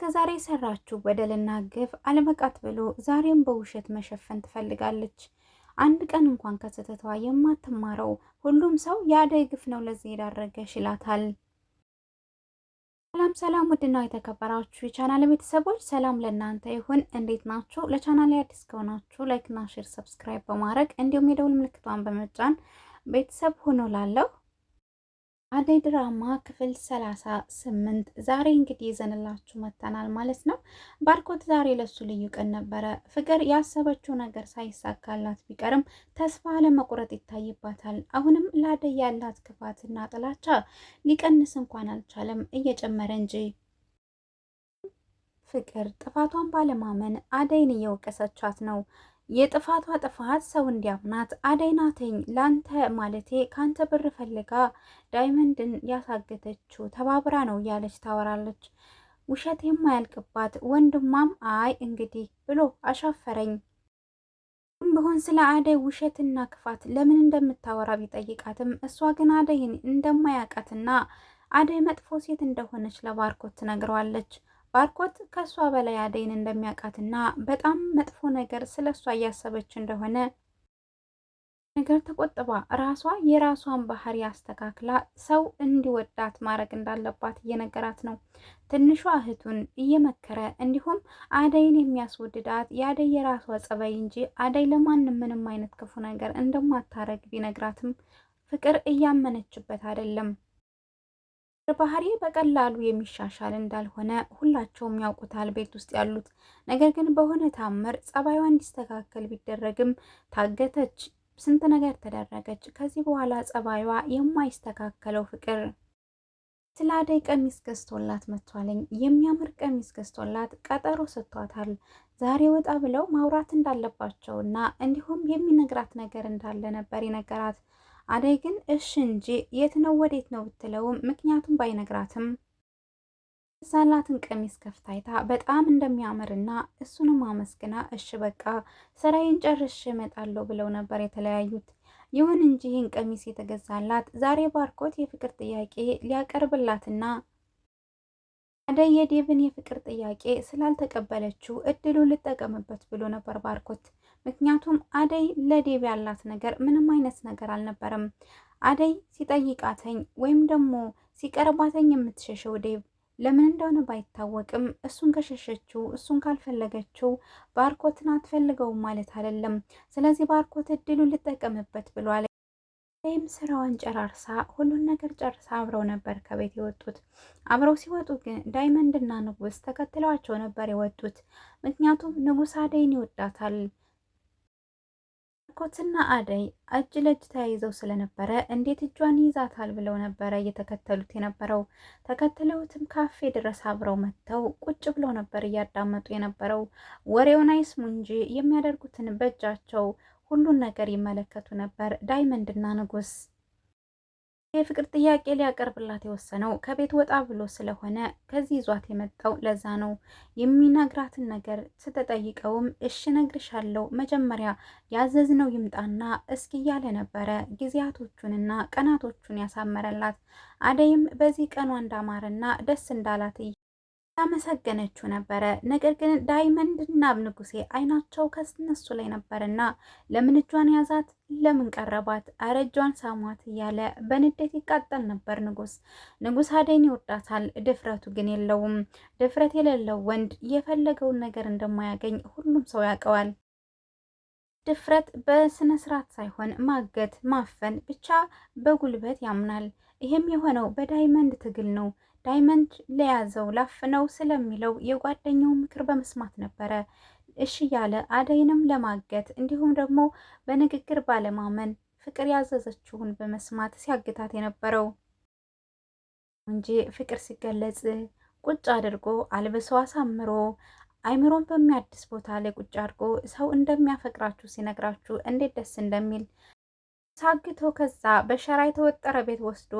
ከዛሬ የሰራችው በደልና ግፍ አለመቃት ብሎ ዛሬም በውሸት መሸፈን ትፈልጋለች። አንድ ቀን እንኳን ከስህተቷ የማትማረው ሁሉም ሰው የአደይ ግፍ ነው ለዚህ የዳረገሽ ይላታል። ሰላም ሰላም፣ ውድና የተከበራችሁ የቻናል ቤተሰቦች ሰላም ለእናንተ ይሁን። እንዴት ናችሁ? ለቻናል አዲስ ከሆናችሁ ላይክና ሼር፣ ሰብስክራይብ በማድረግ እንዲሁም የደውል ምልክቷን በመጫን ቤተሰብ ሆኖ ላለው አደይ ድራማ ክፍል ሰላሳ ስምንት ዛሬ እንግዲህ ይዘንላችሁ መጥተናል ማለት ነው። ባርኮት ዛሬ ለሱ ልዩ ቀን ነበረ። ፍቅር ያሰበችው ነገር ሳይሳካላት ቢቀርም ተስፋ ለመቁረጥ ይታይባታል። አሁንም ላደይ ያላት ክፋትና ጥላቻ ሊቀንስ እንኳን አልቻለም፣ እየጨመረ እንጂ። ፍቅር ጥፋቷን ባለማመን አደይን እየወቀሰቻት ነው። የጥፋቷ ጥፋት ሰው እንዲያምናት አደይ ናትኝ ላንተ ማለቴ ካንተ ብር ፈልጋ ዳይመንድን ያሳገተችው ተባብራ ነው እያለች ታወራለች። ውሸት የማያልቅባት ወንድሟም አይ እንግዲህ ብሎ አሻፈረኝ ቢሆን ስለ አደይ ውሸትና ክፋት ለምን እንደምታወራ ቢጠይቃትም እሷ ግን አደይን እንደማያውቃትና አደይ መጥፎ ሴት እንደሆነች ለባርኮት ትነግረዋለች። ባርኮት ከእሷ በላይ አደይን እንደሚያውቃትና በጣም መጥፎ ነገር ስለ እሷ እያሰበች እንደሆነ ነገር ተቆጥባ ራሷ የራሷን ባህሪ አስተካክላ ሰው እንዲወዳት ማድረግ እንዳለባት እየነገራት ነው። ትንሿ እህቱን እየመከረ እንዲሁም አደይን የሚያስወድዳት የአደይ የራሷ ጸባይ እንጂ አደይ ለማንም ምንም አይነት ክፉ ነገር እንደማታረግ ቢነግራትም ፍቅር እያመነችበት አይደለም። ባህሪ በቀላሉ የሚሻሻል እንዳልሆነ ሁላቸውም ያውቁታል ቤት ውስጥ ያሉት። ነገር ግን በሆነ ታምር ጸባይዋ እንዲስተካከል ቢደረግም ታገተች፣ ስንት ነገር ተደረገች። ከዚህ በኋላ ጸባይዋ የማይስተካከለው ፍቅር ስለ አደይ ቀሚስ ገዝቶላት መጥቷለኝ። የሚያምር ቀሚስ ገዝቶላት ቀጠሮ ሰጥቷታል። ዛሬ ወጣ ብለው ማውራት እንዳለባቸው እና እንዲሁም የሚነግራት ነገር እንዳለ ነበር ይነገራት። አደይ ግን እሽ እንጂ የት ነው ወዴት ነው ብትለውም ምክንያቱም ባይነግራትም ሳላትን ቀሚስ ከፍታይታ በጣም እንደሚያምርና እሱንም አመስግና እሽ በቃ ስራዬን ጨርሼ እመጣለሁ ብለው ነበር የተለያዩት። ይሁን እንጂ ይህን ቀሚስ የተገዛላት ዛሬ ባርኮት የፍቅር ጥያቄ ሊያቀርብላትና አደይ የዴቭን የፍቅር ጥያቄ ስላልተቀበለችው እድሉ ልጠቀምበት ብሎ ነበር ባርኮት ምክንያቱም አደይ ለዴብ ያላት ነገር ምንም አይነት ነገር አልነበረም። አደይ ሲጠይቃተኝ ወይም ደግሞ ሲቀርባተኝ የምትሸሸው ዴብ ለምን እንደሆነ ባይታወቅም እሱን ከሸሸችው እሱን ካልፈለገችው ባርኮትን አትፈልገውም ማለት አይደለም። ስለዚህ ባርኮት እድሉ ልጠቀምበት ብሏል። ወይም ስራዋን ጨራርሳ ሁሉን ነገር ጨርሳ አብረው ነበር ከቤት የወጡት። አብረው ሲወጡ ግን ዳይመንድና ንጉስ ተከትለዋቸው ነበር የወጡት። ምክንያቱም ንጉስ አደይን ይወዳታል። ባርኮትና አደይ እጅ ለእጅ ተያይዘው ስለነበረ እንዴት እጇን ይዛታል ብለው ነበረ እየተከተሉት የነበረው። ተከትለውትም ካፌ ድረስ አብረው መጥተው ቁጭ ብለው ነበር እያዳመጡ የነበረው። ወሬውን አይስሙ እንጂ የሚያደርጉትን በእጃቸው ሁሉን ነገር ይመለከቱ ነበር ዳይመንድና ንጉስ የፍቅር ጥያቄ ሊያቀርብላት የወሰነው ከቤት ወጣ ብሎ ስለሆነ ከዚህ ይዟት የመጣው ለዛ ነው። የሚነግራትን ነገር ስትጠይቀውም እሽ ነግርሻለው፣ መጀመሪያ ያዘዝነው ይምጣና እስኪ እያለ ነበረ ጊዜያቶቹንና ቀናቶቹን ያሳመረላት። አደይም በዚህ ቀኗ እንዳማረና ደስ እንዳላት ያመሰገነችው ነበረ። ነገር ግን ዳይመንድ እና ንጉሴ አይናቸው ከነሱ ላይ ነበርና ለምን እጇን ያዛት? ለምን ቀረባት? አረ እጇን ሳሟት እያለ በንዴት ይቃጠል ነበር ንጉስ። ንጉስ አደይን ይወዳታል፣ ድፍረቱ ግን የለውም። ድፍረት የሌለው ወንድ የፈለገውን ነገር እንደማያገኝ ሁሉም ሰው ያውቀዋል። ድፍረት በስነ ስርዓት ሳይሆን ማገት፣ ማፈን ብቻ በጉልበት ያምናል። ይህም የሆነው በዳይመንድ ትግል ነው። ዳይመንድ ለያዘው ላፍ ነው ስለሚለው የጓደኛው ምክር በመስማት ነበረ እሺ ያለ አደይንም ለማገት እንዲሁም ደግሞ በንግግር ባለማመን ፍቅር ያዘዘችውን በመስማት ሲያግታት የነበረው እንጂ ፍቅር ሲገለጽ ቁጭ አድርጎ አልብሶ አሳምሮ አይምሮን በሚያድስ ቦታ ላይ ቁጭ አድርጎ ሰው እንደሚያፈቅራችሁ ሲነግራችሁ እንዴት ደስ እንደሚል ሳግቶ ከዛ በሸራ የተወጠረ ቤት ወስዶ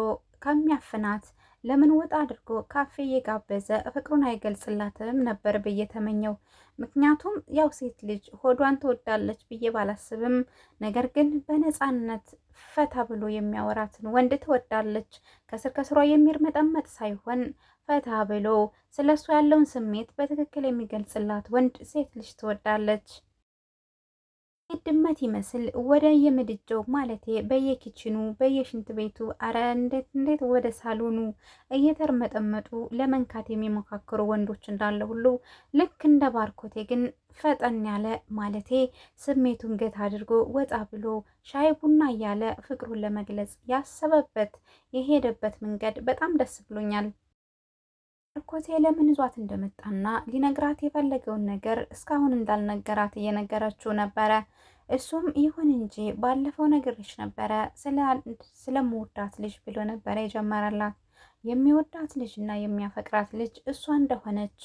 ከሚያፍናት ለምን ወጣ አድርጎ ካፌ እየጋበዘ ፍቅሩን አይገልጽላትም ነበር ብዬ ተመኘው። ምክንያቱም ያው ሴት ልጅ ሆዷን ትወዳለች ብዬ ባላስብም፣ ነገር ግን በነፃነት ፈታ ብሎ የሚያወራትን ወንድ ትወዳለች። ከስር ከስሯ የሚርመጠመጥ ሳይሆን ፈታ ብሎ ስለሱ ያለውን ስሜት በትክክል የሚገልጽላት ወንድ ሴት ልጅ ትወዳለች። ድመት ይመስል ወደ የምድጃው ማለቴ በየኪችኑ በየሽንት ቤቱ አረ እንዴት እንዴት ወደ ሳሎኑ እየተርመጠመጡ ለመንካት የሚሞካክሩ ወንዶች እንዳለ ሁሉ ልክ እንደ ባርኮቴ ግን ፈጠን ያለ ማለቴ ስሜቱን ገት አድርጎ ወጣ ብሎ ሻይ ቡና እያለ ፍቅሩን ለመግለጽ ያሰበበት የሄደበት መንገድ በጣም ደስ ብሎኛል። እኮቴ ለምን ይዟት እንደመጣና ሊነግራት የፈለገውን ነገር እስካሁን እንዳልነገራት እየነገረችው ነበረ። እሱም ይሁን እንጂ ባለፈው ነግሬሽ ነበረ ስለምወዳት ልጅ ብሎ ነበረ የጀመረላት። የሚወዳት ልጅ እና የሚያፈቅራት ልጅ እሷ እንደሆነች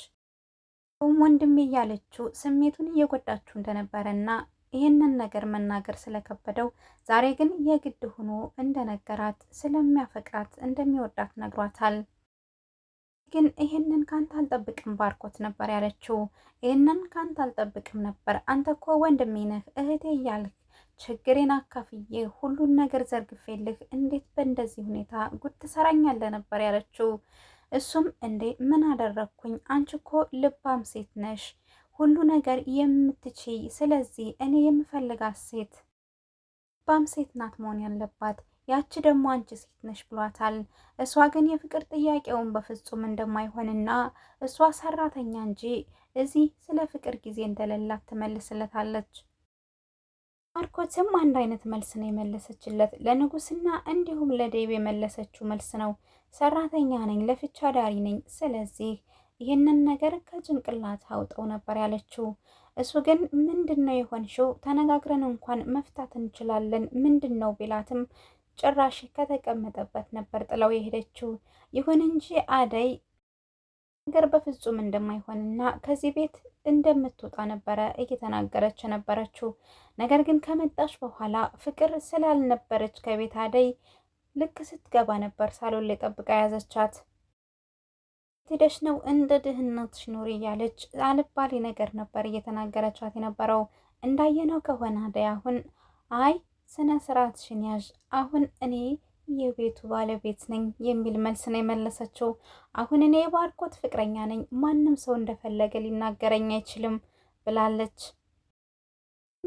ም ወንድሜ እያለችው ስሜቱን እየጎዳችው እንደነበረ ና ይህንን ነገር መናገር ስለከበደው ዛሬ ግን የግድ ሆኖ እንደነገራት ስለሚያፈቅራት እንደሚወዳት ነግሯታል። ግን ይሄንን ካንተ አልጠብቅም ባርኮት ነበር ያለችው። ይሄንን ካንተ አልጠብቅም ነበር አንተ እኮ ወንድሜ ነህ እህቴ እያልህ ችግሬን አካፍዬ ሁሉን ነገር ዘርግፌልህ እንዴት በእንደዚህ ሁኔታ ጉድ ትሰራኛለህ ነበር ያለችው። እሱም እንዴ ምን አደረግኩኝ? አንቺ እኮ ልባም ሴት ነሽ ሁሉ ነገር የምትችይ ስለዚህ እኔ የምፈልጋት ሴት ልባም ሴት ናት መሆን ያለባት ያቺ ደግሞ አንቺ ሴት ነሽ ብሏታል። እሷ ግን የፍቅር ጥያቄውን በፍጹም እንደማይሆንና እሷ ሰራተኛ እንጂ እዚህ ስለ ፍቅር ጊዜ እንደሌላት ትመልስለታለች። ማርኮትም አንድ አይነት መልስ ነው የመለሰችለት። ለንጉስና እንዲሁም ለዴብ የመለሰችው መልስ ነው። ሰራተኛ ነኝ፣ ለፍቻ ዳሪ ነኝ። ስለዚህ ይህንን ነገር ከጭንቅላት አውጠው ነበር ያለችው። እሱ ግን ምንድን ነው የሆንሽው? ተነጋግረን እንኳን መፍታት እንችላለን ምንድን ነው ቢላትም ጭራሽ ከተቀመጠበት ነበር ጥለው የሄደችው። ይሁን እንጂ አደይ ነገር በፍጹም እንደማይሆንና ከዚህ ቤት እንደምትወጣ ነበረ እየተናገረች ነበረችው ነገር ግን ከመጣች በኋላ ፍቅር ስላልነበረች ከቤት አደይ ልክ ስትገባ ነበር ሳሎን ላይ ጠብቃ የያዘቻት። ሄደሽ ነው እንደ ድህነትሽ ኑሪ እያለች አልባሌ ነገር ነበር እየተናገረቻት የነበረው። እንዳየነው ከሆነ አደይ አሁን አይ ስነ ስርዓትሽን ያዥ፣ አሁን እኔ የቤቱ ባለቤት ነኝ የሚል መልስ ነው የመለሰችው። አሁን እኔ የባርኮት ፍቅረኛ ነኝ፣ ማንም ሰው እንደፈለገ ሊናገረኝ አይችልም ብላለች።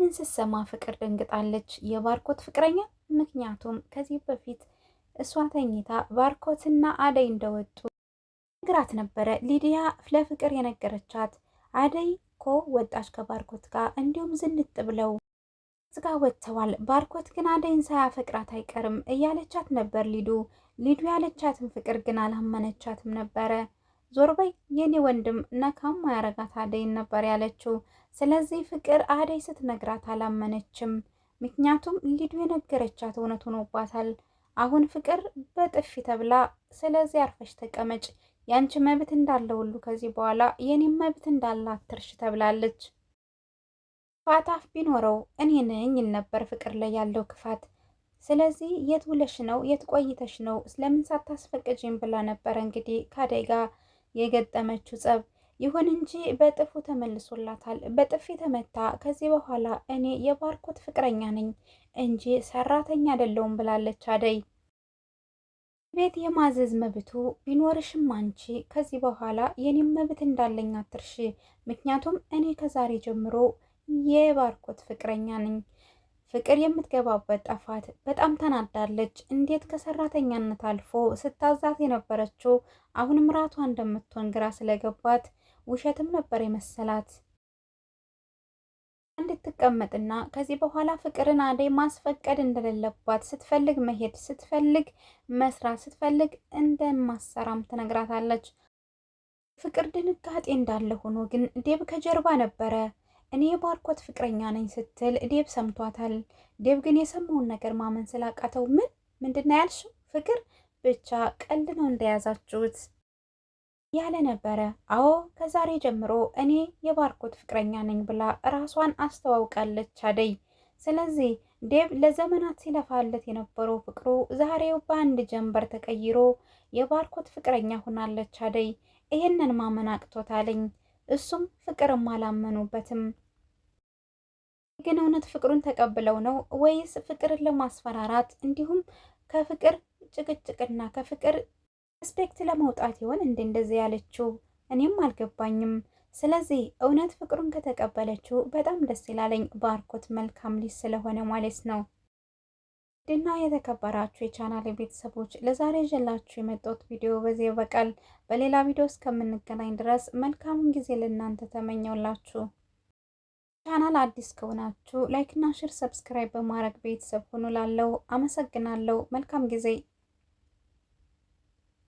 ምን ስትሰማ ፍቅር ደንግጣለች። የባርኮት ፍቅረኛ ምክንያቱም ከዚህ በፊት እሷ ተኝታ ባርኮትና አደይ እንደወጡ ነግራት ነበረ። ሊዲያ ለፍቅር የነገረቻት አደይ ኮ ወጣች ከባርኮት ጋር እንዲሁም ዝንጥ ብለው ስጋ ወጥተዋል። ባርኮት ግን አደይን ሳያፈቅራት አይቀርም እያለቻት ነበር ሊዱ። ሊዱ ያለቻትን ፍቅር ግን አላመነቻትም ነበረ። ዞር በይ የኔ ወንድም ነካም ያረጋት አደይን ነበር ያለችው። ስለዚህ ፍቅር አደይ ስትነግራት አላመነችም። ምክንያቱም ሊዱ የነገረቻት እውነት ሆኖባታል። አሁን ፍቅር በጥፊ ተብላ፣ ስለዚህ አርፈሽ ተቀመጭ፣ ያንቺ መብት እንዳለ ሁሉ ከዚህ በኋላ የኔም መብት እንዳለ አትርሽ ተብላለች። ፋታፍ ቢኖረው እኔ ነኝ ይል ነበር ፍቅር ላይ ያለው ክፋት። ስለዚህ የት ውለሽ ነው የት ቆይተሽ ነው ስለምን ሳታስፈቅጂም ብላ ነበረ እንግዲህ ከአደይ ጋር የገጠመችው ጸብ። ይሁን እንጂ በጥፉ ተመልሶላታል። በጥፊ ተመታ። ከዚህ በኋላ እኔ የባርኮት ፍቅረኛ ነኝ እንጂ ሰራተኛ አይደለውም ብላለች አደይ። ቤት የማዘዝ መብቱ ቢኖርሽም አንቺ ከዚህ በኋላ የኔም መብት እንዳለኝ አትርሺ። ምክንያቱም እኔ ከዛሬ ጀምሮ የባርኮት ፍቅረኛ ነኝ። ፍቅር የምትገባበት ጠፋት። በጣም ተናዳለች። እንዴት ከሰራተኛነት አልፎ ስታዛት የነበረችው አሁንም ራቷ እንደምትሆን ግራ ስለገባት ውሸትም ነበር የመሰላት እንድትቀመጥና ከዚህ በኋላ ፍቅርን አደይ ማስፈቀድ እንደሌለባት ስትፈልግ መሄድ ስትፈልግ መስራት ስትፈልግ እንደማሰራም ትነግራታለች። ፍቅር ድንጋጤ እንዳለ ሆኖ ግን ዴብ ከጀርባ ነበረ። እኔ የባርኮት ፍቅረኛ ነኝ ስትል ዴብ ሰምቷታል። ዴብ ግን የሰማውን ነገር ማመን ስላቃተው ምን ምንድን ነው ያልሽው? ፍቅር ብቻ ቀልድ ነው እንደያዛችሁት ያለ ነበረ። አዎ ከዛሬ ጀምሮ እኔ የባርኮት ፍቅረኛ ነኝ ብላ ራሷን አስተዋውቃለች አደይ። ስለዚህ ዴብ ለዘመናት ሲለፋለት የነበረው ፍቅሩ ዛሬው በአንድ ጀንበር ተቀይሮ የባርኮት ፍቅረኛ ሆናለች አደይ። ይህንን ማመን አቅቶታለኝ። እሱም ፍቅርም አላመኑበትም። ግን እውነት ፍቅሩን ተቀብለው ነው ወይስ ፍቅርን ለማስፈራራት እንዲሁም ከፍቅር ጭቅጭቅና ከፍቅር ሪስፔክት ለመውጣት ይሆን እንደ እንደዚህ ያለችው? እኔም አልገባኝም። ስለዚህ እውነት ፍቅሩን ከተቀበለችው በጣም ደስ ይላለኝ። ባርኮት መልካም ልጅ ስለሆነ ማለት ነው። ድና የተከበራችሁ የቻናል ቤተሰቦች ለዛሬ ይዤላችሁ የመጣሁት ቪዲዮ በዚህ ይበቃል። በሌላ ቪዲዮ እስከምንገናኝ ድረስ መልካሙን ጊዜ ለእናንተ ተመኘውላችሁ። ቻናል አዲስ ከሆናችሁ ላይክና ሽር፣ ሰብስክራይብ በማድረግ ቤተሰብ ሁኑ። ላለው አመሰግናለሁ። መልካም ጊዜ